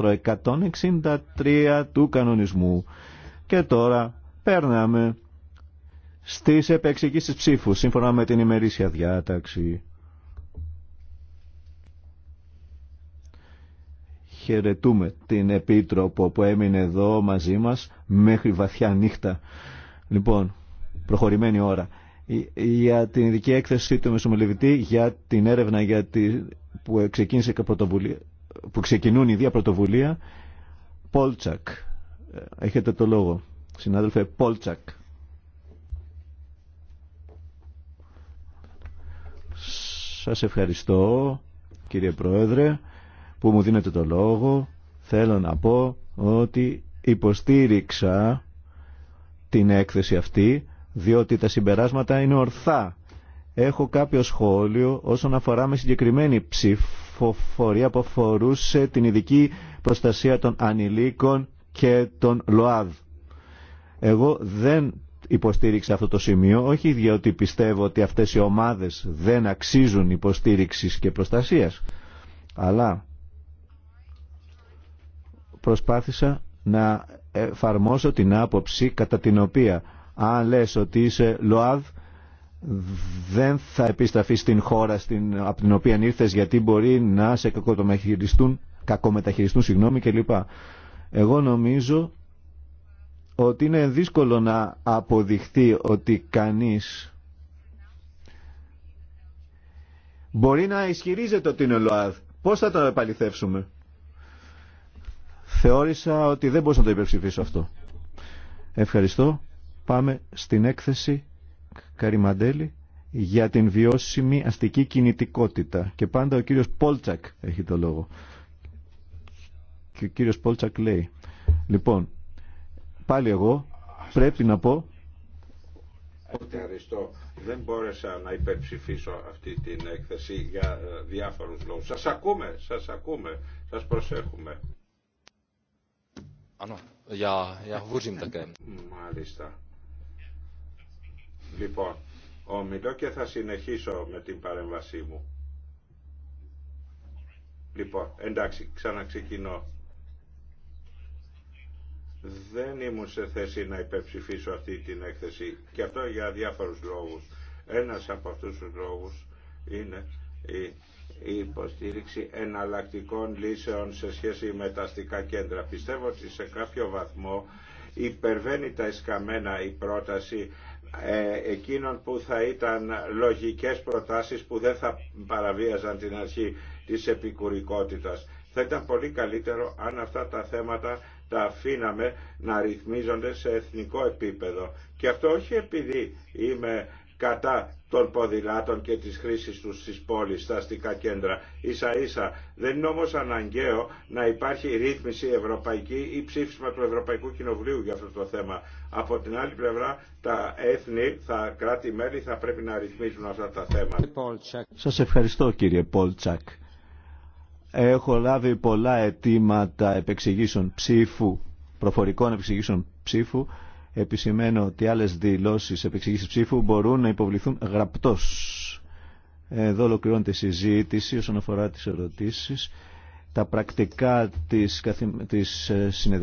163 του κανονισμού. Και τώρα περνάμε στις επεξηγήσεις ψήφου σύμφωνα με την ημερήσια διάταξη. Χαιρετούμε την Επίτροπο που έμεινε εδώ μαζί μας μέχρι βαθιά νύχτα. Λοιπόν, προχωρημένη ώρα. Για την ειδική έκθεση του Μεσομελευητή για την έρευνα για που ξεκίνησε η πρωτοβουλία που ξεκινούν η ίδια πρωτοβουλία. Πόλτσακ. Έχετε το λόγο. Συνάδελφε Πόλτσακ. Σας ευχαριστώ κύριε Πρόεδρε που μου δίνετε το λόγο. Θέλω να πω ότι υποστήριξα την έκθεση αυτή διότι τα συμπεράσματα είναι ορθά. Έχω κάποιο σχόλιο όσον αφορά με συγκεκριμένη ψήφ ψηφοφορία που αφορούσε την ειδική προστασία των ανηλίκων και των ΛΟΑΔ. Εγώ δεν υποστήριξα αυτό το σημείο, όχι διότι πιστεύω ότι αυτές οι ομάδες δεν αξίζουν υποστήριξης και προστασίας, αλλά προσπάθησα να εφαρμόσω την άποψη κατά την οποία αν λες ότι είσαι ΛΟΑΔ δεν θα επιστραφεί στην χώρα στην, από την οποία ήρθες γιατί μπορεί να σε κακομεταχειριστούν, κακομεταχειριστούν συγγνώμη κλπ. Εγώ νομίζω ότι είναι δύσκολο να αποδειχθεί ότι κανείς μπορεί να ισχυρίζεται ότι είναι ΛΟΑΔ. Πώς θα το επαληθεύσουμε. Θεώρησα ότι δεν μπορούσα να το υπερψηφίσω αυτό. Ευχαριστώ. Πάμε στην έκθεση Καριμαντέλη για την βιώσιμη αστική κινητικότητα. Και πάντα ο κύριος Πόλτσακ έχει το λόγο. Και ο κύριος Πόλτσακ λέει. Λοιπόν, πάλι εγώ πρέπει να πω Ευχαριστώ. Δεν μπόρεσα να υπερψηφίσω αυτή την έκθεση για ε, διάφορους λόγους. Σας ακούμε, σας ακούμε, σας προσέχουμε. Μάλιστα. Λοιπόν, ομιλώ και θα συνεχίσω με την παρέμβασή μου. Λοιπόν, εντάξει, ξαναξεκινώ. Δεν ήμουν σε θέση να υπερψηφίσω αυτή την έκθεση και αυτό για διάφορους λόγους. Ένας από αυτούς τους λόγους είναι η η υποστήριξη εναλλακτικών λύσεων σε σχέση με τα αστικά κέντρα. Πιστεύω ότι σε κάποιο βαθμό υπερβαίνει τα εσκαμμένα η πρόταση ε, εκείνων που θα ήταν λογικές προτάσεις που δεν θα παραβίαζαν την αρχή της επικουρικότητας. Θα ήταν πολύ καλύτερο αν αυτά τα θέματα τα αφήναμε να ρυθμίζονται σε εθνικό επίπεδο. Και αυτό όχι επειδή είμαι κατά των ποδηλάτων και της χρήσης τους στις πόλεις, στα αστικά κέντρα. Ίσα ίσα δεν είναι όμως αναγκαίο να υπάρχει ρύθμιση ευρωπαϊκή ή ψήφισμα του Ευρωπαϊκού Κοινοβουλίου για αυτό το θέμα. Από την άλλη πλευρά τα έθνη, τα κράτη-μέλη θα πρέπει να ρυθμίζουν αυτά τα θέματα. Σας ευχαριστώ κύριε Πολτσακ. Έχω λάβει πολλά αιτήματα επεξηγήσεων ψήφου, προφορικών επεξηγήσεων ψήφου. Επισημαίνω ότι άλλες δηλώσεις επεξηγήσεις ψήφου μπορούν να υποβληθούν γραπτός. Εδώ ολοκληρώνεται η συζήτηση όσον αφορά τις ερωτήσεις. Τα πρακτικά της, της ε, συνεδρίας.